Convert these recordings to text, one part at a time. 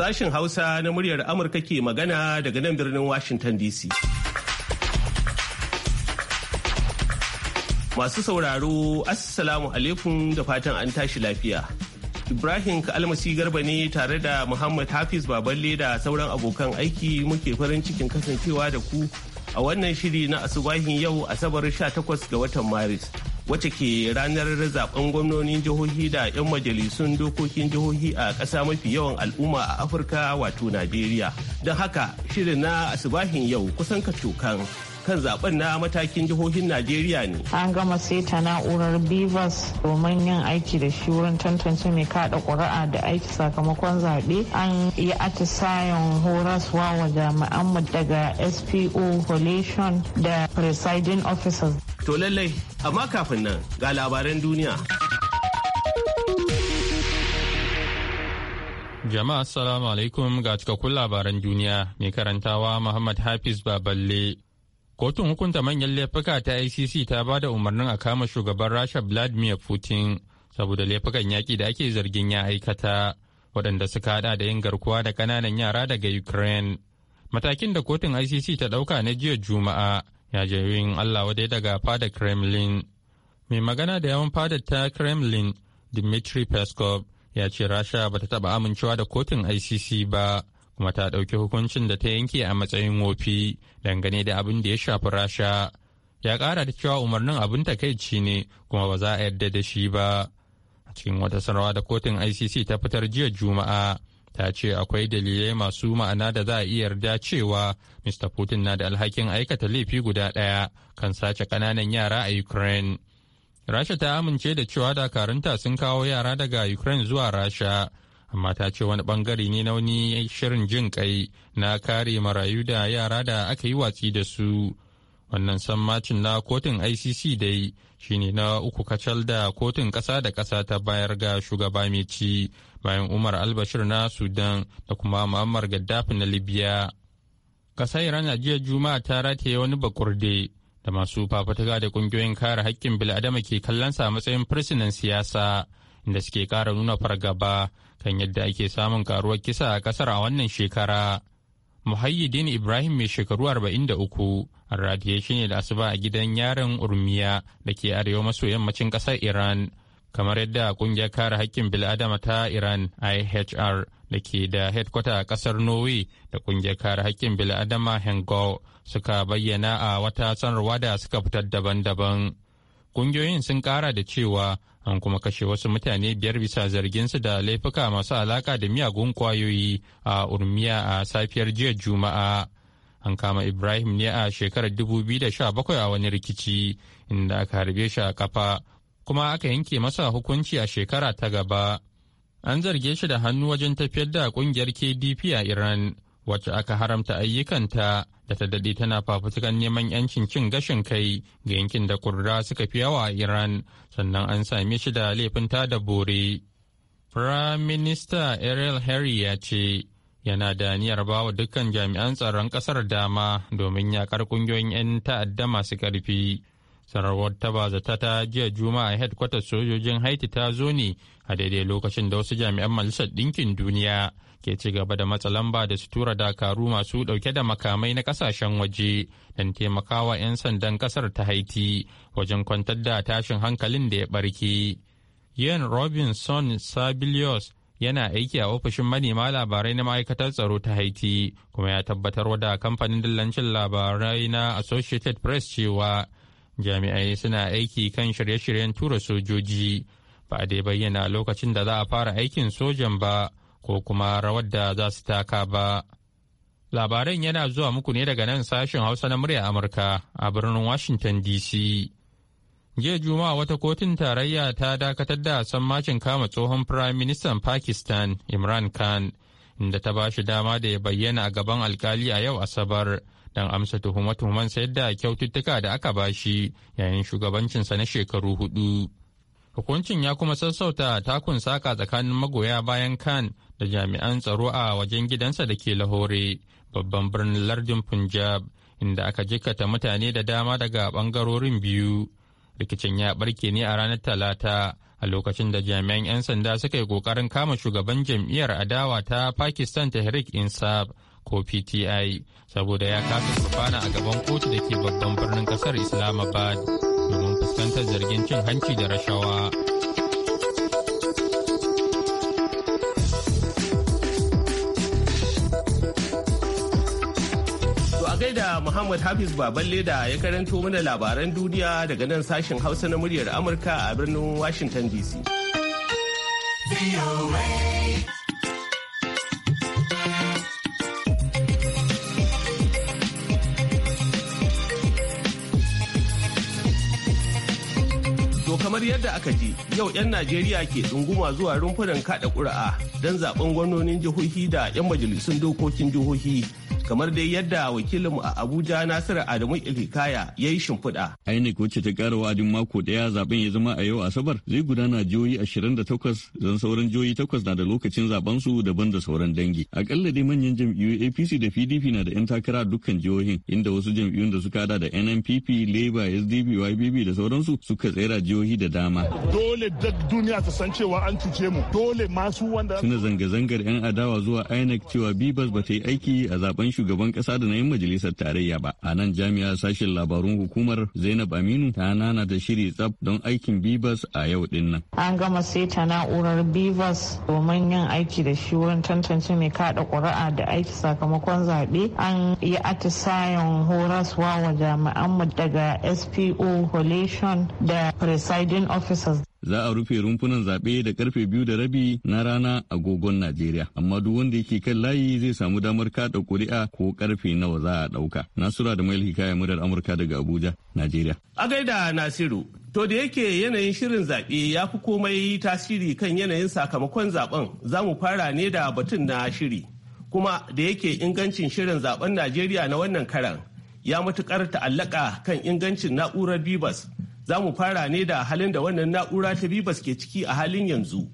Sashen Hausa na muryar Amurka ke magana daga nan birnin Washington DC. Masu sauraro, Assalamu alaikum da fatan an tashi lafiya. Ibrahim kalmasi Garba ne tare da Muhammad Hafiz Baballe da sauran abokan aiki muke farin cikin kasancewa da ku a wannan shiri na asubahin yau Asabar 18 ga watan Maris. wacce ke ranar zaben gwamnonin jihohi da 'yan majalisun dokokin jihohi a ƙasa mafi yawan al'umma a afirka wato najeriya don haka shirin na asibahin yau kusan kacokan kan zaben na matakin jihohin Najeriya ne. An gama seta na'urar Bivas domin yin aiki da shi wurin tantance mai kada ƙuri'a da aiki sakamakon zaɓe. An yi atisayen horaswa wa jami'an daga SPO Collation da presiding officers. To lallai, amma kafin nan ga labaran duniya. Jama'a Assalamu alaikum ga cikakkun labaran duniya mai karantawa Muhammad Hafiz Baballe. Kotun hukunta manyan laifuka ta ICC ta ba da umarnin a kama shugaban Rasha Vladimir Putin saboda laifukan yaƙi da ake zargin ya aikata waɗanda suka haɗa da yin garkuwa da ƙananan yara daga Ukraine. Matakin da kotun ICC ta ɗauka na jiya Juma'a ya je yin Allah wadai daga fada Kremlin. Mai magana da yawan fadar ta Kremlin, Dmitry Peskov, ya ce Rasha ba ta taba amincewa da kotun ICC ba, kuma ta ɗauki hukuncin da ta yanke a matsayin wofi dangane da abin da ya shafi Rasha. Ya kara da cewa umarnin abin takaici ne kuma ba za a yarda da shi ba. A cikin wata sarawa da kotun ICC ta fitar jiya Juma'a, ta ce akwai dalilai masu ma'ana da za a iya yarda cewa mr putin na da alhakin aikata laifi guda ɗaya kan sace ƙananan yara a ukraine rasha ta amince da cewa dakarunta sun kawo yara daga ukraine zuwa rasha amma ta ce wani bangare ne na wani shirin jin kai na kare marayu da yara da aka yi watsi da su wannan sammacin na kotun icc dai shine na uku kacal da kotun ƙasa da ƙasa ta bayar ga shugaba mai ci bayan umar albashir na sudan da kuma muammar gaddafi na libya ƙasar iran a jiya juma'a ta rataye wani bakurde da masu fafutuka da ƙungiyoyin kare haƙƙin bil'adama ke kallonsa a matsayin fursunan siyasa inda suke ƙara nuna fargaba kan yadda ake samun karuwar kisa a kasar a wannan shekara muhayyidin ibrahim mai shekaru 43 an rataye shi ne da asuba a gidan yaron urmiya da ke arewa maso yammacin ƙasar iran kamar yadda kungiyar kare haƙƙin bil'adama ta iran ihr da ke da headkwata a ƙasar norway da kungiyar kare haƙƙin bil'adama hengo suka bayyana a wata sanarwa da suka fitar daban-daban kungiyoyin sun ƙara da cewa an kuma kashe wasu mutane biyar bisa zarginsu da laifuka masu alaƙa da miyagun kwayoyi a urmiya a safiyar jiya juma'a an kama ibrahim ne a shekarar 2017 a wani rikici inda aka harbe shi a kafa kuma aka yanke masa hukunci a shekara ta gaba. An zarge shi da hannu wajen tafiyar da kungiyar KDP a Iran, wacce aka haramta ayyukanta da ta daɗe tana fafutukan neman 'yancin cin gashin kai ga yankin da kurra suka fi yawa a Iran, sannan an same shi da laifin ta da bore. Prime Minister Ariel Harry ya ce, yana da niyyar ba wa dukkan jami'an tsaron ƙasar dama domin yaƙar ƙungiyoyin 'yan ta'adda masu ƙarfi. sanarwar ta ba ta jiya juma'a headquarters sojojin haiti ta zo ne a daidai lokacin da wasu jami'an majalisar ɗinkin duniya ke ci gaba da matsa lamba da su tura dakaru masu ɗauke da makamai na ƙasashen waje don taimakawa 'yan sandan ƙasar ta haiti wajen kwantar da tashin hankalin da ya ɓarke yan robinson sabilios yana aiki a ofishin manema labarai na ma'aikatar tsaro ta haiti kuma ya tabbatar da kamfanin dillancin labarai na associated press cewa jami'ai suna aiki kan shirye-shiryen tura sojoji ba a dai bayyana lokacin da za a fara aikin sojan ba ko kuma rawar da za su taka ba labaran yana zuwa muku ne daga nan sashen hausa na murya amurka a birnin washington dc jiya juma'a wata kotun tarayya ta dakatar da sammacin kama tsohon firayim ministan pakistan imran khan da ta ba shi dama da ya bayyana a gaban alkali a yau asabar don amsa tuhume-tuhumen sayar da kyaututtuka da aka ba shi yayin shugabancinsa na shekaru hudu. Hukuncin ya kuma sassauta takun saka tsakanin magoya bayan kan da jami'an tsaro a wajen gidansa da ke Lahore, babban birnin lardin Punjab, inda aka jikata mutane da dama daga bangarorin biyu. Rikicin ya barke ne a ranar Talata a lokacin da jami'an 'yan sanda suka yi kokarin kama shugaban jam'iyyar adawa ta pakistan ta tehrik insab ko pti saboda ya kasa gurfana a gaban kotu da ke babban birnin kasar islamabad domin fuskantar zargin cin hanci da rashawa da Muhammad Hafiz baban leda ya karanto mana labaran duniya daga nan sashen Hausa na muryar Amurka a birnin Washington DC. To kamar yadda aka ji yau 'yan Najeriya ke tsunguma zuwa rumfunan kada ƙuri'a don zaben gwamnonin jihohi da 'yan majalisun dokokin jihohi kamar dai yadda wakilinmu a abuja nasiru adamu ilhikaya ya yi shimfiɗa. inec wacce ta ƙara wa'adin mako ɗaya zaben ya zama a yau asabar zai gudana jihohi ashirin da takwas don sauran jihohi takwas na da lokacin zaben su daban da sauran dangi aƙalla dai manyan jam'iyyu apc da pdp na da 'yan takara dukkan jihohin inda wasu jam'iyyun da suka hada da nnpp labour sdp ybb da sauransu suka tsera jihohi da dama dole duk duniya ta san cewa an cuce mu dole masu wanda suna zanga-zangar 'yan adawa zuwa inec cewa bibas ba ta yi aiki a zaben shugaban kasa da na yin majalisar tarayya ba. A nan jami'a sashen labarun hukumar Zainab Aminu ta nana da shiri tsaf don aikin Bibas a yau din nan. An gama saita na'urar Bibas domin yin aiki da shi wurin tantance mai kada ƙuri'a da aiki sakamakon zaɓe. An yi atisayen horaswa wa jami'an mu daga SPO Collation da Presiding Officers za a rufe rumfunan zaɓe da karfe biyu da rabi na rana agogon Najeriya. Amma duk wanda yake kan layi zai samu damar kada ƙuri'a ko karfe nawa za a ɗauka. Nasura da Mail Hikaya murar Amurka daga Abuja, Najeriya. A gaida Nasiru, to da yake yanayin shirin zaɓe ya fi komai tasiri kan yanayin sakamakon zaɓen za mu fara ne da batun na shiri. Kuma da yake ingancin shirin zaɓen Najeriya na wannan karan ya matuƙar ta'allaka kan ingancin na'urar Bibas Za mu fara ne da halin da wannan na'ura ta bibas ke ciki a halin yanzu.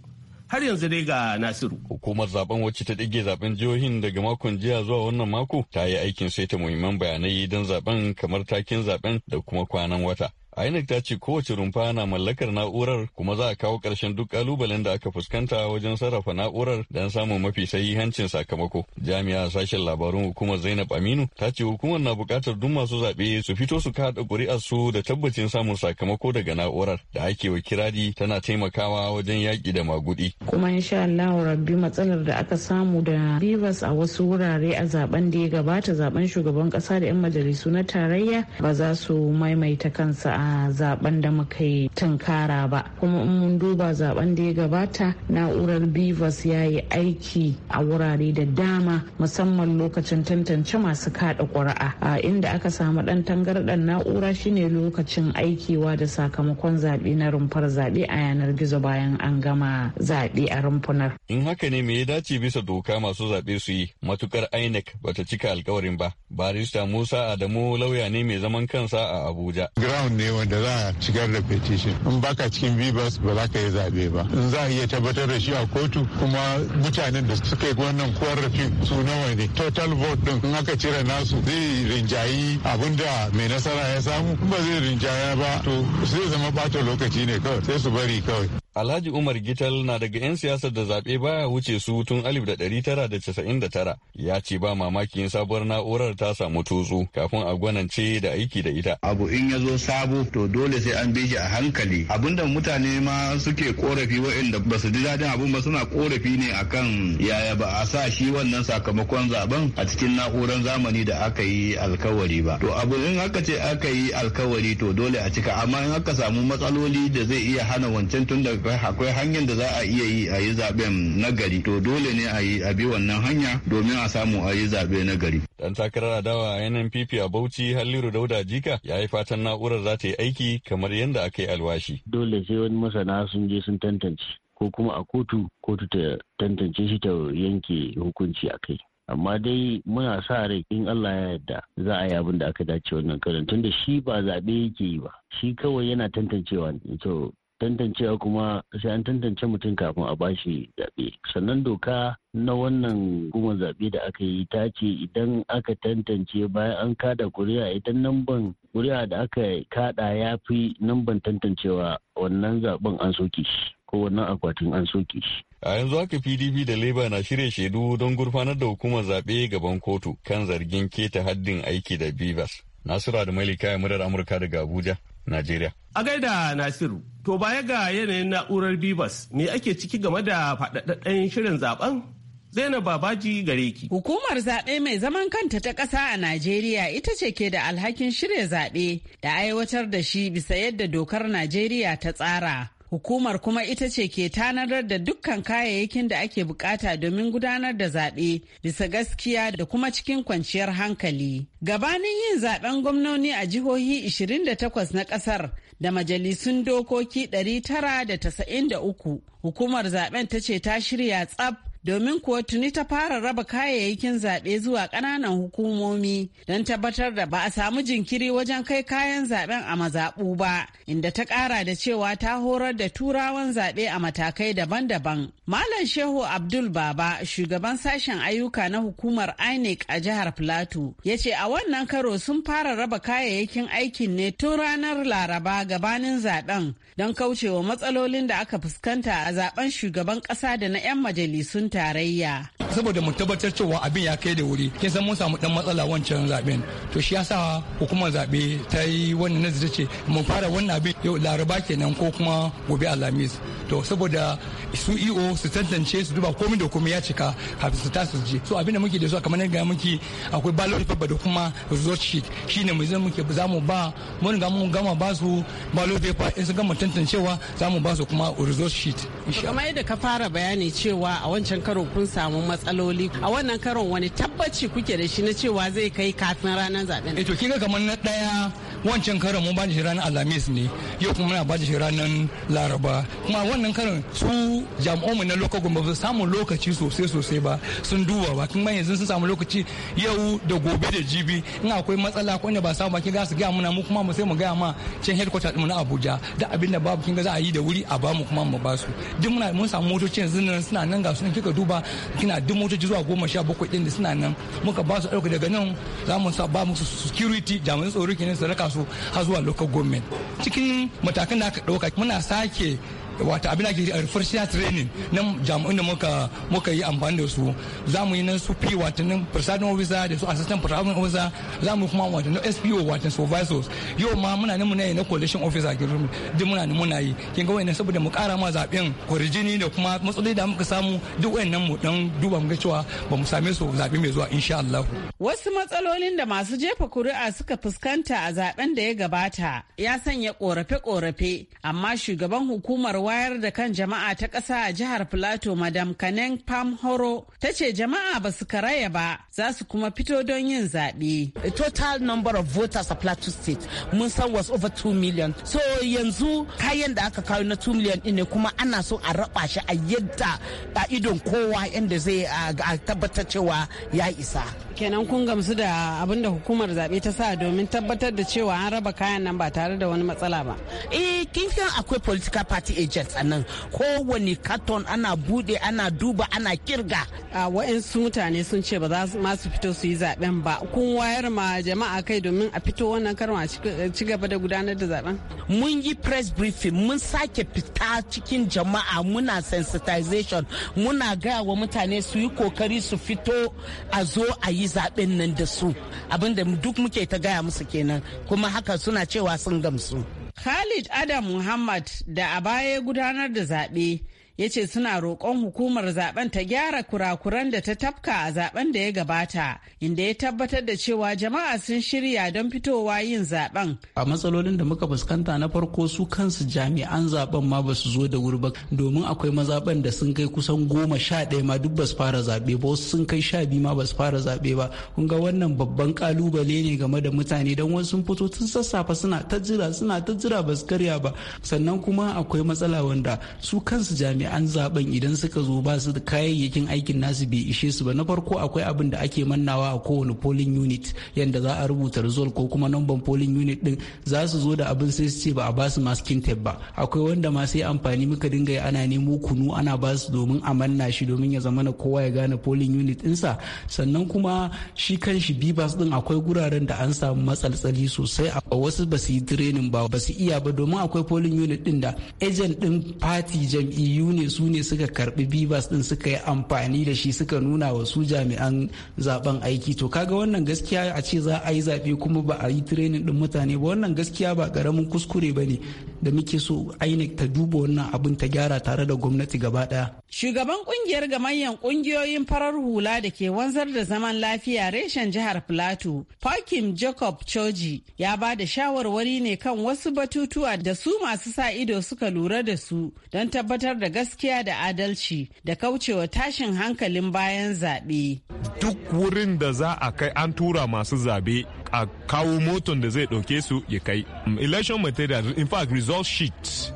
Har yanzu dai ga Nasiru. Hukumar zaben wacce ta ɗige zaben jihohin daga makon jiya zuwa wannan mako ta yi aikin saita muhimman bayanai don zaben kamar takin zaben da kuma kwanan wata. INEC ta ce kowace rumfa na mallakar na'urar kuma za a kawo ƙarshen duk ƙalubalen da aka fuskanta wajen sarrafa na'urar don samun mafi sahihancin sakamako. Jami'a sashen labarun hukumar Zainab Aminu ta ce hukumar na buƙatar duk masu zaɓe su fito su kaɗa ƙuri'ar su da tabbacin samun sakamako daga na'urar da ake wa kirari tana taimakawa wajen yaƙi da magudi. Kuma insha Allah rabbi matsalar da aka samu da rivers a wasu wurare a zaben da ya gabata zaben shugaban ƙasa da 'yan majalisu na tarayya ba za su maimaita kansa a zaben da muka yi tunkara ba kuma in mun duba zaben da ya gabata na'urar bivas ya yi aiki a wurare da dama musamman lokacin tantance masu kada ƙuri'a a inda aka samu ɗan tangarɗar na'ura shine lokacin aikiwa da sakamakon zaɓe na rumfar zaɓe a yanar gizo bayan an gama zaɓe a rumfunar. in haka ne me ya dace bisa doka masu zaɓe su yi matukar inec bata cika alkawarin ba barista musa adamu lauya ne mai zaman kansa a abuja ground ne wanda za a shigar da petition in baka cikin bibas ba za ka yi zaɓe ba in za a iya tabbatar da shi a kotu kuma mutanen da suka yi wannan korafin su nawa ne total vote din in aka cire nasu zai rinjayi abin da mai nasara ya samu ba zai rinjaya ba to zai zama bata lokaci ne kawai sai su bari kawai Alhaji Umar Gital na daga 'yan siyasar da zaɓe baya wuce su tun 1999 ya ce ba mamaki yin sabuwar na'urar ta samu tutsu kafin a gwanance da aiki da ita. Abu in ya zo sabo to dole sai an bi shi a hankali. da mutane ma suke korafi waɗanda ba su ji dadin abun ba suna korafi ne akan yaya ba a sa shi wannan sakamakon zaben a cikin na'urar zamani da aka yi alkawari ba. To abu in aka ce aka yi alkawari to dole a cika amma in aka samu matsaloli da zai iya hana wancan tun daga akwai hanyar da za a iya yi a yi zaben na gari to dole ne a yi a bi wannan hanya domin a samu a yi zabe na gari dan takarar adawa a NNPP a Bauchi Halliru Dauda Jika ya yi fatan na'urar za ta yi aiki kamar yadda aka yi alwashi dole sai wani masana sun je sun tantance ko kuma a kotu kotu ta tantance shi ta yanke hukunci a kai amma dai muna sa rai in Allah ya yarda za a yi abin da aka dace wannan karin tunda shi ba zaɓe yake yi ba shi kawai yana tantancewa to tantancewa kuma sai an tantance mutum kafin a bashi zaɓe sannan doka na wannan guma zaɓe da aka yi ta ce idan aka tantance bayan an kada kuri'a idan namban kuri'a da aka kada ya fi namban tantancewa wannan zaɓen an soke shi ko wannan akwatin an soke shi a yanzu haka pdp da leba na shirya shaidu don gurfanar da hukumar zaɓe gaban kotu kan zargin keta haddin aiki da bivas nasura da ya murar amurka daga abuja Najeriya. A gaida Nasiru, to baya ga yanayin na'urar Bibas, me ake ciki game da faɗaɗɗen shirin zaben? Zainab Babaji gare ki. Hukumar zaɓe mai zaman kanta ta ƙasa a Najeriya ita ce ke da alhakin shirya zaɓe da aiwatar da shi bisa yadda dokar Najeriya ta tsara. Hukumar kuma ita ce ke tanadar da dukkan kayayyakin da ake bukata domin gudanar da zaɓe bisa gaskiya da kuma cikin kwanciyar hankali. Gabanin yin zaɓen gwamnoni a jihohi 28 na ƙasar da majalisun dokoki 993 hukumar zaɓen ta ce ta shirya tsab domin kuwa tuni ta fara raba kayayyakin zaɓe zuwa ƙananan hukumomi don tabbatar da ba a samu jinkiri wajen kai kayan zaɓen a mazaɓu ba inda ta ƙara da cewa ta horar da turawan zaɓe a matakai daban-daban. Malam Shehu Abdul Baba shugaban sashen ayyuka na hukumar INEC a jihar Plateau ya ce a wannan karo sun fara raba kayayyakin aikin ne tun ranar Laraba gabanin zaɓen don kaucewa matsalolin da aka fuskanta a zaɓen shugaban ƙasa da na 'yan majalisun tarayya. saboda mu tabbatar cewa abin ya kai da wuri kin san mun samu dan matsala wancan zaben to shi yasa hukumar zabe ta yi wannan nazari ce mun fara wannan abin yau laraba kenan ko kuma gobe alhamis to saboda su EO su tantance su duba komai da komai ya cika kafin su tasu je so abin da muke da su kamar yadda muke akwai ballot paper da kuma result sheet shine mu zan muke za mu ba mun ga mun gama ba su ballot paper in su gama tantancewa za mu ba su kuma result sheet kamar yadda ka fara bayani cewa a wancan karo kun samu matsala matsaloli a wannan karon wani tabbaci kuke da shi na cewa zai kai kafin ranar zaben. eto eh, kin ga kamar na ɗaya wancan karan mun bada shi ranar alhamis ne yau kuma muna bada shi ranar laraba kuma wannan karan su jami'anmu na lokacin ba su samu lokaci sosai sosai ba sun duba ba kuma yanzu sun samu lokaci yau da gobe da jibi in akwai matsala ko ne ba samu ba kin ga su gaya muna mu kuma mu sai mu gaya ma can headquarter din mu na Abuja da abin da babu kin ga za a yi da wuri a ba mu kuma mu ba su duk muna mun samu motoci yanzu nan suna nan ga su kika duba kina duk motoci zuwa goma sha bakwai din da suna nan muka ba su ɗauka daga nan za mu sa ba mu security jami'an tsaro kenan su raka su su har zuwa local government cikin matakan da aka ɗauka muna sake wata abin ake a professional training na jami'un da muka muka yi amfani da su za mu yi nan su wata nan presiding officer da su assistant presiding officer za mu kuma nan spo wata supervisors yau ma muna nan muna yi na coalition officer duk muna nan muna yi kin ga wayannan saboda mu kara ma zaben kwarjini da kuma matsaloli da muka samu duk wayannan mu dan duba mu ga cewa ba mu same su zabe mai zuwa insha Allah wasu matsalolin da masu jefa kuri'a suka fuskanta a zaben da ya gabata ya sanya korafe-korafe amma shugaban hukumar wayar da kan jama'a ta ƙasa a jihar Filato Madam Kanen Pam Horo ta ce jama'a ba su karaya ba za su kuma fito don yin zaɓe. Total number of voters a Plateau State mun san was over 2 million. So yanzu kayan da aka kawo na 2 million ne kuma ana so a raba shi a yadda a idon kowa yadda zai tabbatar cewa ya isa. kenan kun gamsu da abin da hukumar zaɓe ta sa domin tabbatar da cewa an raba kayan nan ba tare da wani matsala ba eh kin san akwai political party agents anan nan kowane carton ana bude ana duba ana kirga a wa'ansu mutane sun ce ba za su ma su fito su yi zaben ba kun wayar ma jama'a kai domin a fito wannan karma ci gaba da gudanar da zaben mun yi press briefing mun sake fita cikin jama'a muna sensitization muna gaya wa mutane su yi kokari su fito a zo a yi yi zaɓen nan da su abinda duk muke ta gaya musu kenan kuma haka suna cewa sun gamsu. Khalid Adam Muhammad da a baya gudanar da zaɓe ya ce suna roƙon hukumar zaben ta gyara kurakuran da ta tafka a zaben da ya gabata inda ya tabbatar da cewa jama'a sun shirya don fitowa yin zaben a matsalolin da muka fuskanta na farko su kansu jami'an zaben ma ba su zo da wuri ba domin akwai mazaben da sun kai kusan goma sha ɗaya ma duk ba su fara zaɓe ba wasu sun kai sha biyu ma ba su fara zaɓe ba kun ga wannan babban kalubale ne game da mutane don wasu sun fito tun sassafe suna ta jira suna ta jira ba su karya ba sannan kuma akwai matsala wanda su kansu jami'an an zaben idan suka zo ba su da kayayyakin aikin nasu bai ishe su ba na farko akwai abin da ake mannawa a kowane polling unit yadda za a rubuta result ko kuma number polling unit din za su zo da abin sai su ce ba a ba su masking tape ba akwai wanda ma sai amfani muka dinga yi ana nemo kunu ana ba su domin a manna shi domin ya zama na kowa ya gane polling unit ɗinsa sannan kuma shi kan shi bibas din akwai guraren da an samu matsaltsali sosai a wasu ba su yi training ba ba su iya ba domin akwai polling unit din da agent din party jam'iyyu ne su ne suka karbi bibas din suka yi amfani da shi suka nuna wa su jami'an zaben aiki to kaga wannan gaskiya a ce za a yi zaɓe kuma ba a yi training din mutane ba wannan gaskiya ba karamin kuskure ba ne da muke so INEC ta duba wannan abin ta gyara tare da gwamnati gaba daya. Shugaban kungiyar manyan kungiyoyin farar hula da ke wanzar da zaman lafiya reshen jihar Plateau, Pakim Jacob Choji ya ba da shawarwari ne kan wasu batutuwa da su masu sa ido suka lura da su don tabbatar da gaskiya da adalci da kaucewa tashin hankalin bayan zaɓe. Duk wurin da za a kai an tura masu zaɓe a kawo moton da zai ɗauke su ya kai mm, election material in fact result sheet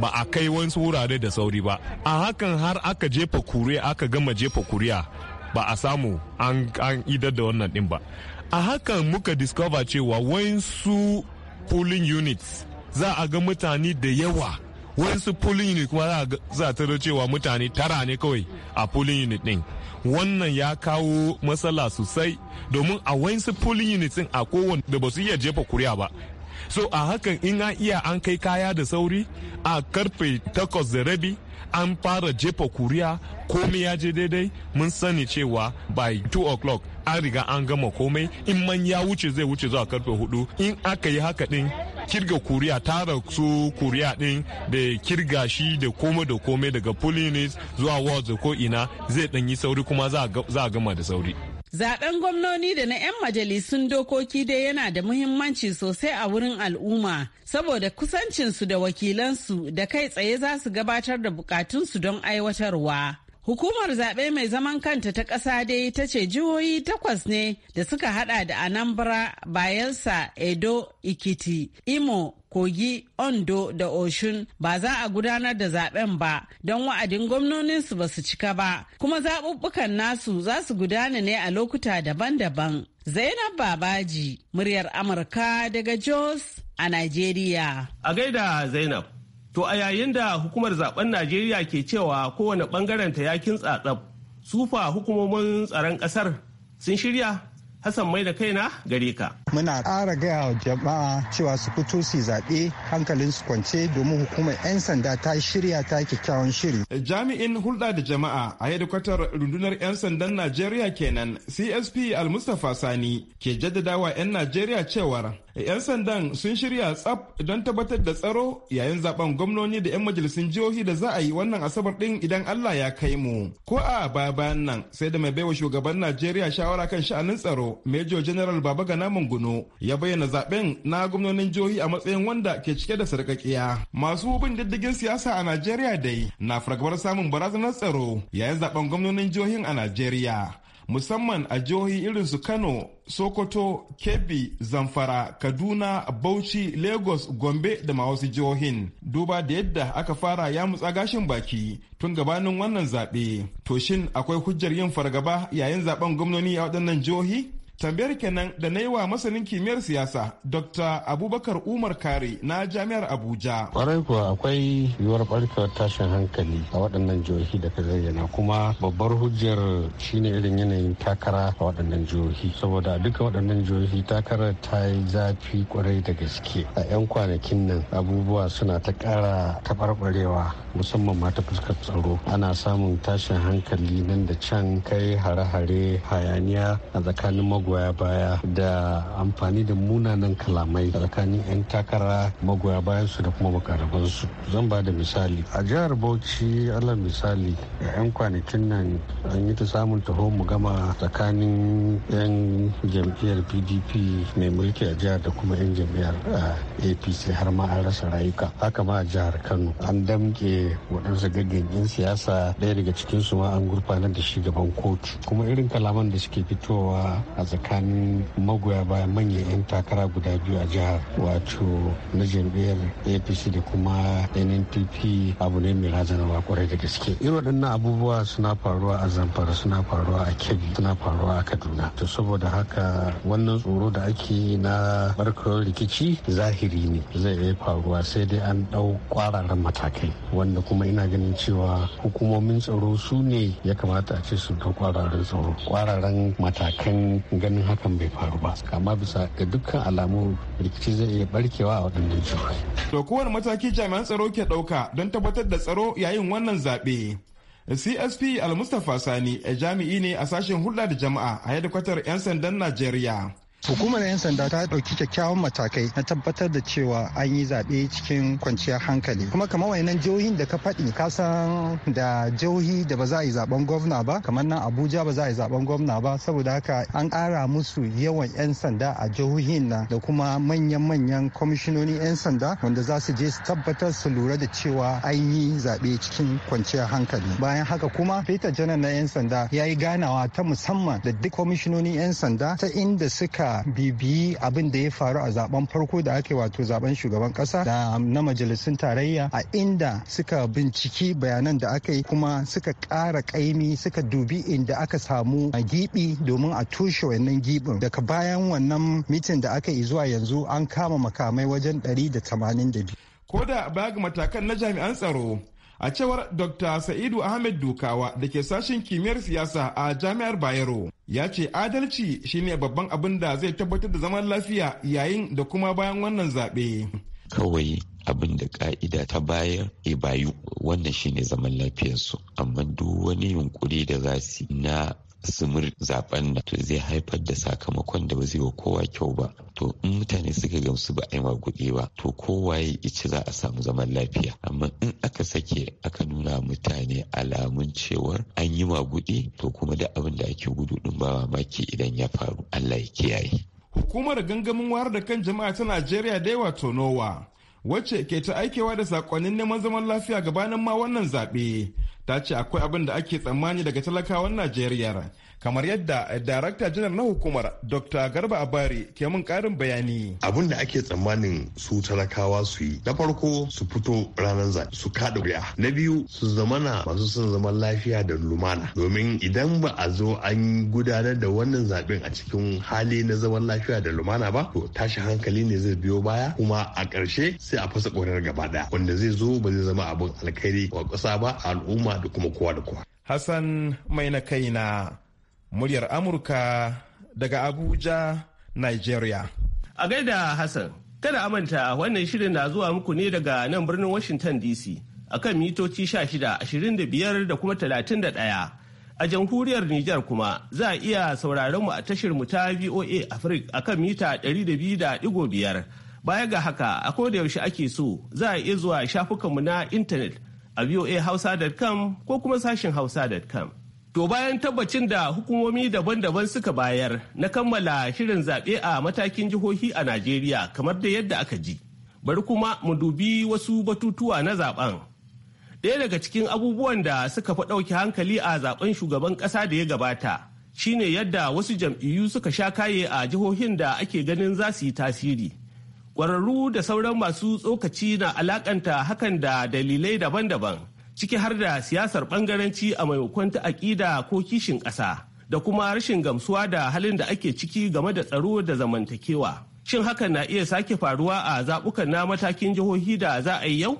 ba a kai wani wurare da sauri ba a hakan har aka jefa kuriya aka gama jefa kuriya ba a samu an idar da wannan din ba a hakan muka discover cewa wasu polling units za a ga mutane da yawa wasu polling unit kuma za a taro cewa mutane tara ne kawai a polling unit ɗin. wannan ya kawo matsala sosai domin a su polling units a kowane da ba su iya jefa kuri'a ba so a hakan in an iya an kai kaya da sauri a karfe takwas da rabi an fara jefa kuriya komai ya je daidai mun sani cewa by 2 o'clock an riga an gama komai in man ya wuce zai wuce zuwa karfe hudu in aka yi haka din kirga kuriya tara su kuriya din da kirga shi da komai da komai daga polinis zuwa wards ko ina zai yi sauri kuma za a gama da sauri Zaben gwamnoni da na 'yan majalisun dokoki dai yana da muhimmanci sosai a wurin al'umma saboda kusancinsu da wakilansu da kai tsaye za su gabatar da bukatunsu don aiwatarwa. Hukumar zaɓe mai zaman kanta ta ƙasa dai ta ce jihohi takwas ne da suka hada da Anambra, Bayelsa, Edo, Ikiti, Imo, kogi ondo da oshun ba za a gudanar da zaben ba don wa'adin gwamnoninsu ba su cika ba kuma zaɓuɓɓukan nasu za su gudana ne a lokuta daban-daban zainab babaji muryar amurka daga jos a nigeria a gaida zainab to a yayin da hukumar zaben najeriya ke cewa kowane ɓangaren ya kintsa tsaf sufa hukumomin tsaron ƙasar sun shirya Hassan mai da kaina gare ka. Muna ƙara gaya wa jama'a cewa su fito su zaɓe hankalin su kwance domin hukumar 'yan sanda ta shirya ta kyakkyawan shiri. Jami'in hulɗa da jama'a a hedikwatar rundunar 'yan sandan Najeriya kenan CSP Al-Mustapha Sani ke jaddadawa 'yan Najeriya cewar 'Yan sandan sun shirya tsaf don tabbatar da tsaro yayin zaben gwamnoni da 'yan majalisun jihohi da za a yi wannan asabar ɗin idan Allah ya kai mu. Ko a baya bayan nan sai da mai baiwa shugaban Najeriya shawara kan sha'anin tsaro Major General Baba Gana Munguno ya bayyana zaben na gwamnonin jihohi a matsayin wanda ke cike da sarkakiya Masu bin diddigin siyasa a Najeriya dai na fargabar samun barazanar tsaro yayin zaben gwamnonin jihohin a Najeriya. musamman a jihohi irin su Kano, Sokoto, Kebbi, Zamfara, Kaduna, Bauchi, Lagos, Gombe da ma wasu jihohin. Duba da yadda aka fara ya mutsa gashin baki tun gabanin wannan zaɓe. To shin akwai hujjar yin fargaba yayin zaben gwamnoni a waɗannan jihohi? tambayar kenan da na yi wa masanin kimiyyar siyasa dr abubakar umar kare na jami'ar abuja kwarai kuwa akwai yiwuwar barkewar tashin hankali a waɗannan jihohi da ka zayyana kuma babbar hujjar shine irin yanayin takara a waɗannan jihohi saboda duka waɗannan jihohi takarar ta yi zafi kwarai da gaske a 'yan kwanakin nan abubuwa suna ta ƙara taɓarɓarewa musamman ma ta fuskar tsaro ana samun tashin hankali nan da can kai hare-hare hayaniya a tsakanin magoya baya da amfani da munanan kalamai tsakanin 'yan takara magoya bayan su da kuma su zan ba da misali a jihar bauchi alal misali a 'yan kwanakin nan an yi ta samun taho mu gama tsakanin 'yan jam'iyyar pdp mai mulki a jihar da kuma 'yan jam'iyyar eh, apc har ma an rasa rayuka haka ma a jihar kano an damke waɗansu gaggen siyasa ɗaya daga cikinsu ma an gurfanar da shi gaban kotu kuma irin kalaman da suke fitowa a tsakanin magoya bayan manyan 'yan takara guda biyu a jihar wato na jam'iyyar apc da kuma nnpp abu ne mai razanarwa kwarai da gaske irin waɗannan abubuwa suna faruwa a zamfara suna faruwa a kebbi suna faruwa a kaduna to saboda haka wannan tsoro da ake na barkar rikici zahiri ne zai iya faruwa sai dai an ɗau ƙwararren matakai wanda kuma ina ganin cewa hukumomin tsaro su ne ya kamata a ce su ɗau ƙwararren tsaro ƙwararren matakan ganin hakan bai faru ba amma bisa ga dukkan alamu rikici zai iya barkewa a waɗannan jihohi. to kowane mataki jami'an tsaro ke ɗauka don tabbatar da tsaro yayin wannan zaɓe csp almustapha sani eh, jami'i ne a sashen hulɗa da jama'a a hedikwatar 'yan sandan najeriya Hukumar 'yan sanda ta ɗauki kyakkyawan matakai na tabbatar da cewa an yi zaɓe cikin kwanciyar hankali. Kuma kamar wayannan jihohin da ka faɗi kasan da jihohi da ba za a yi zaben gwamna ba kamar nan Abuja ba za a yi zaben gwamna ba saboda haka an ƙara musu yawan 'yan sanda a jihohin na da kuma manyan-manyan kwamishinonin 'yan sanda wanda za su je su tabbatar su lura da cewa an yi zaɓe cikin kwanciyar hankali. Bayan haka kuma Peter Janar na 'yan sanda ya yi ganawa ta musamman da duk kwamishinonin 'yan sanda ta inda suka bibi abin da ya faru a zaben farko da aka wato zaben shugaban kasa da na majalisun tarayya a inda suka binciki bayanan da aka yi kuma suka kara ƙaimi suka dubi inda aka samu gibi domin a toshe wannan gibin daga bayan wannan mitin da aka yi zuwa yanzu an kama makamai wajen 182 ko da bayan ga matakan na jami'an tsaro A cewar Dr. Sa'idu Ahmed Dukawa da ke sashen kimiyyar siyasa a Jami'ar Bayero, ya ce adalci shine babban abin da zai tabbatar da zaman lafiya yayin da kuma bayan wannan zaɓe. Kawai abin da ka'ida ta bayar e bayu wannan shine zaman lafiyarsu amma duk wani yunkuri da za su na sumur zaben nan to zai haifar da sakamakon da ba zai wa kowa kyau ba to in mutane suka gamsu ba a yi kuɗi ba to kowa ya ice za a samu zaman lafiya amma in aka sake aka nuna mutane alamun cewar an yi maguɗi to kuma da abin da ake gudu ɗin ba mamaki idan ya faru Allah ya kiyaye. Hukumar gangamin wayar da kan jama'a ta Najeriya dai wato Nowa wacce ke ta aikewa da sakonnin neman zaman lafiya gabanin ma wannan zaɓe ta ce akwai abin da ake tsammani daga talakawan najeriya kamar yadda darakta janar na hukumar dr garba abari ke mun karin bayani abin da ake tsammanin su talakawa su yi na farko su fito ranar zai su kaɗa wuya na biyu su zamana masu son zaman lafiya da lumana domin idan ba a zo an gudanar da wannan zaɓen a cikin hali na zaman lafiya da lumana ba to tashi hankali ne zai biyo baya kuma a ƙarshe sai a fasa ƙorar gaba ɗaya wanda zai zo ba zai zama abin alkhairi wa ƙasa ba al'umma da kuma kowa da kowa Hassan mai na kaina muryar Amurka daga Abuja, Nigeria. A gaida Hassan, kada amanta wannan shirin na zuwa muku ne daga nan birnin Washington DC a kan mitoci 16, 25 da kuma 31. A jamhuriyar Nijar kuma za a iya sauraron mu a tashar mu ta VOA Africa kan mita 200.5. Baya ga haka a koda yaushe ake so za a iya zuwa shafukanmu na intanet a voahausa.com ko kuma sashin hausa.com. To bayan tabbacin da hukumomi daban-daban suka bayar na kammala shirin zaɓe a matakin jihohi a Najeriya kamar da yadda aka ji. Bari kuma mu dubi wasu batutuwa na zaben. Ɗaya daga cikin abubuwan da suka fi ɗauki hankali a zaɓen shugaban ƙasa da ya gabata shine yadda wasu jam'iyyu suka sha kaye a jihohin da ake ganin za su yi tasiri. Ƙwararru da sauran masu tsokaci na alaƙanta hakan da dalilai daban-daban. ciki har da siyasar bangaranci a maimakon ta aƙida ko kishin ƙasa da kuma rashin gamsuwa da halin da ake ciki game da tsaro da zamantakewa. Shin hakan na iya sake faruwa a zaɓukan na matakin jihohi da za a yi yau?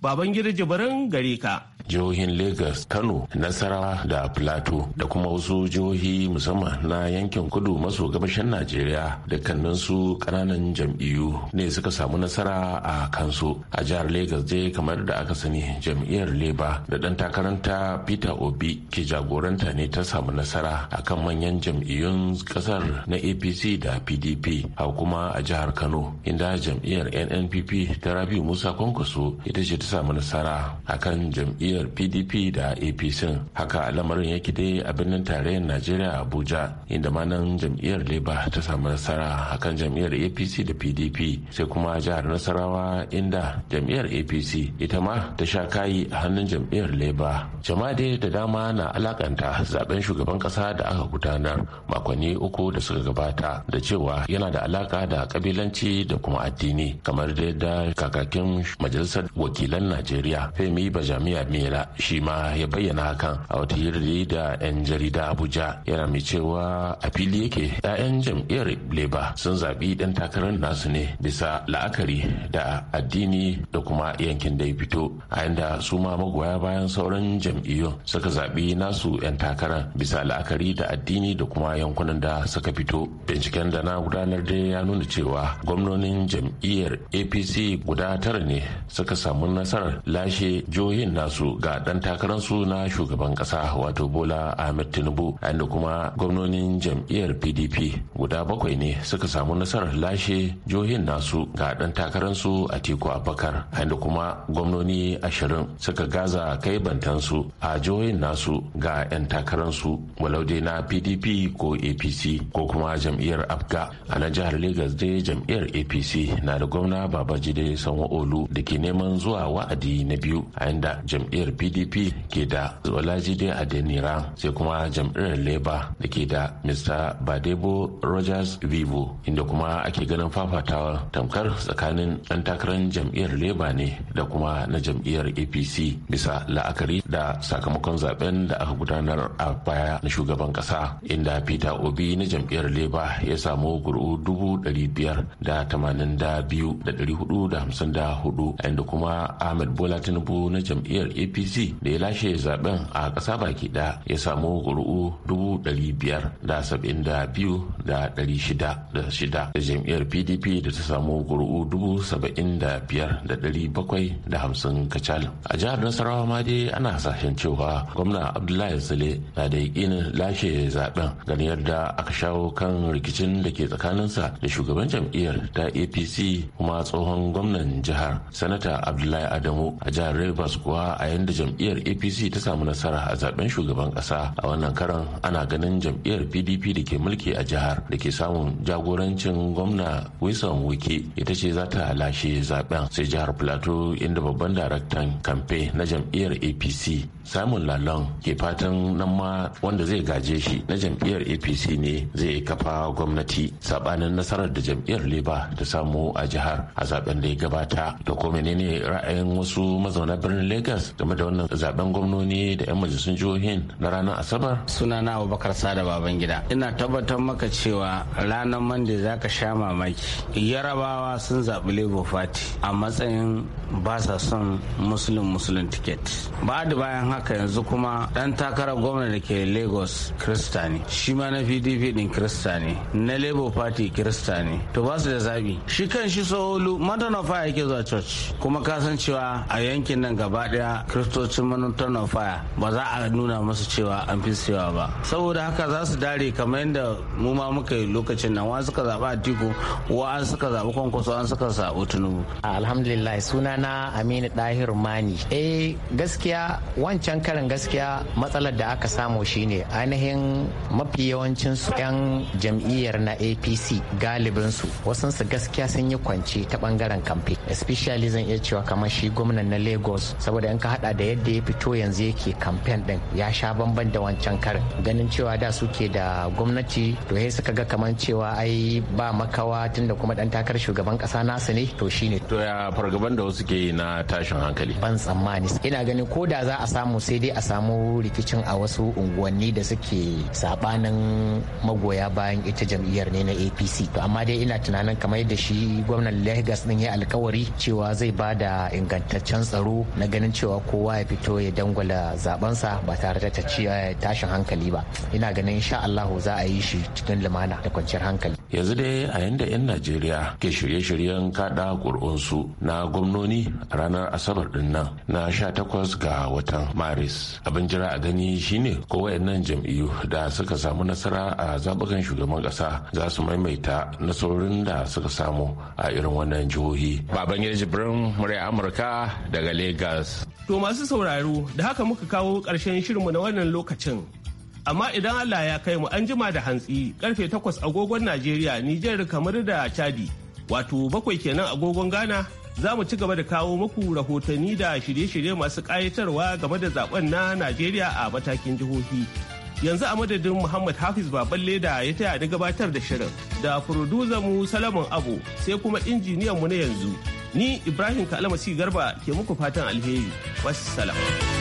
Babangida gida gare ka. jihohin lagos kano nasara da plateau da kuma wasu jihohi musamman na yankin kudu maso gabashin najeriya da su kananan jam'iyyu ne suka samu nasara a kansu a jihar lagos dai kamar da aka sani jam'iyyar leba da ɗan takaranta peter obi ke jagoranta ne ta samu nasara a kan manyan jam'iyyun kasar na apc da pdp a kuma a jihar kano inda jam'iyyar nnpp ta rabi musa kwankwaso ita ce ta samu nasara akan jam'iyyar jam'iyyar pdp da apc haka lamarin yake dai a birnin tarayyar najeriya abuja inda ma nan jam'iyyar labour ta samu nasara akan jam'iyyar apc da pdp sai kuma jihar nasarawa inda jam'iyyar apc ita ma ta sha kayi a hannun jam'iyyar labour jama'a dai da dama na alakanta zaben shugaban kasa da aka gudanar makonni uku da suka gabata da cewa yana da alaka da kabilanci da kuma addini kamar da yadda kakakin majalisar wakilan najeriya femi bajamiya miya Fela shi ma ya bayyana hakan a wata hira da 'yan jarida Abuja yana mai cewa a fili yake 'ya'yan jam'iyyar leba sun zaɓi ɗan takarar nasu ne bisa la'akari da addini da kuma yankin da ya fito a inda su ma magoya bayan sauran jam'iyyun suka zaɓi nasu 'yan takarar bisa la'akari da addini da kuma yankunan da suka fito binciken da na gudanar da ya nuna cewa gwamnonin jam'iyyar apc guda tara ne suka samu nasarar lashe jihohin nasu ga dan takararsu na shugaban kasa wato bola ahmed tinubu inda kuma gwamnonin jam'iyyar pdp guda bakwai ne suka samu nasarar lashe jihohin nasu ga dan takararsu a tiku abakar inda kuma gwamnoni ashirin suka gaza kai bantansu a jihohin nasu ga 'yan takararsu walau na pdp ko apc ko kuma jam'iyyar afga a nan jihar Legas dai jam'iyyar apc na da gwamna babajide sanwo-olu da ke neman zuwa wa'adi na biyu a inda jam'iyyar jam'iyyar pdp ke da olajide adenira sai kuma jam'iyyar labour da ke da mr badebo rogers vivo inda kuma ake ganin fafatawa tamkar tsakanin ɗan takarar jam'iyyar Leba ne da kuma na jam'iyyar apc bisa la'akari da sakamakon zaben da aka gudanar a baya na shugaban ƙasa inda peter obi na jam'iyyar Leba ya samu guru dubu dari biyar da tamanin da biyu da dari hudu da hamsin da hudu inda kuma ahmed bola tinubu na jam'iyyar apc apc da ya lashe zaben a ƙasa baki ɗaya ya samu ƙuri'u dubu da da jam'iyyar pdp da ta samu ƙuri'u 75,750 da da hamsin kacal a jihar nasarawa ma dai ana hasashen cewa gwamna abdullahi sule na da yaƙinin lashe zaben ganin yadda aka shawo kan rikicin da ke tsakaninsa da shugaban jam'iyyar ta apc kuma tsohon gwamnan jihar sanata abdullahi adamu a jihar rivers kuwa a yayin da jam'iyyar apc ta samu nasara a zaben shugaban kasa a wannan karan ana ganin jam'iyyar pdp da ke mulki a jihar da ke samun jagorancin gwamna wilson wike ita ce za ta lashe zaben sai jihar plateau inda babban daraktan kamfe na jam'iyyar apc samun lalon ke fatan nan ma wanda zai gaje shi na jam'iyyar apc ne zai kafa gwamnati sabanin nasarar da jam'iyyar leba ta samu a jihar a zaben da ya gabata da ko menene ra'ayin wasu mazauna birnin lagos game da wannan zaben gwamnoni da 'yan majalisun jihohin na ranar asabar sunana abubakar sada baban gida ina tabbatar maka cewa ranar mande za ka sha mamaki yarabawa sun zaɓi labour fati. a matsayin ba sa son musulun musulun ticket ba da bayan haka haka yanzu kuma dan takarar gwamna da ke lagos krista ne shi ma na pdp din krista ne na lebo party krista ne to ba su da zabi shi kan shi saholu mountain of fire yake zuwa church kuma ka cewa a yankin nan gaba daya kristocin mountain of fire ba za a nuna musu cewa an fi cewa ba saboda haka za su dare kamar yadda mu ma muka yi lokacin nan wani suka zaɓa atiku wa an suka zaɓi kwankwaso an suka zaɓi tinubu alhamdulillah sunana aminu dahir mani eh gaskiya wancan wancan karin gaskiya matsalar da aka samu shine ainihin mafi yawancin su 'yan jam'iyyar na apc galibin su su gaskiya sun yi kwance ta bangaren kamfe especially zan iya cewa kamar shi gwamnan na lagos saboda in ka hada da yadda ya fito yanzu yake kamfen din ya sha bamban da wancan karin ganin cewa da suke da gwamnati to sai suka ga kamar cewa ai ba makawa tunda kuma dan takar shugaban kasa nasu ne to shine to ya fargaban da wasu ke yi na tashin hankali ban tsammani ina ganin ko da za a samu samu sai dai a samu rikicin a wasu unguwanni da suke sabanin magoya bayan ita jam'iyyar ne na apc to amma dai ina tunanin kamar yadda shi gwamnan lagos din ya alkawari cewa zai ba da ingantaccen tsaro na ganin cewa kowa ya fito ya dangwala zabensa ba tare da eh, tashin hankali ba ina ganin insha za a yi shi cikin lumana da kwanciyar hankali yanzu dai a yanda 'yan najeriya ke shirye-shiryen kada ƙuri'unsu na gwamnoni a ranar asabar din nan na 18 ga watan maris abin jira a gani shine ko wayannan jam'iyyu da suka samu nasara a zabukan shugaban ƙasa za su maimaita nasarorin da suka samu a irin wannan jihohi baban jibrin murya amurka daga lagos to masu sauraro da haka muka kawo ƙarshen shirinmu na wannan lokacin amma idan Allah ya kai mu an jima da hantsi karfe takwas agogon Najeriya Nijar kamar da Chadi wato bakwai kenan agogon Ghana za mu ci gaba da kawo muku rahotanni da shirye-shirye masu ƙayatarwa game da zaben na Najeriya a matakin jihohi. Yanzu a madadin Muhammad Hafiz Baballe da ya taya da gabatar da shirin da furuduza mu Salamun Abu sai kuma injiniyan mu na yanzu. Ni Ibrahim kalamasi Garba ke muku fatan alheri. Wassalam.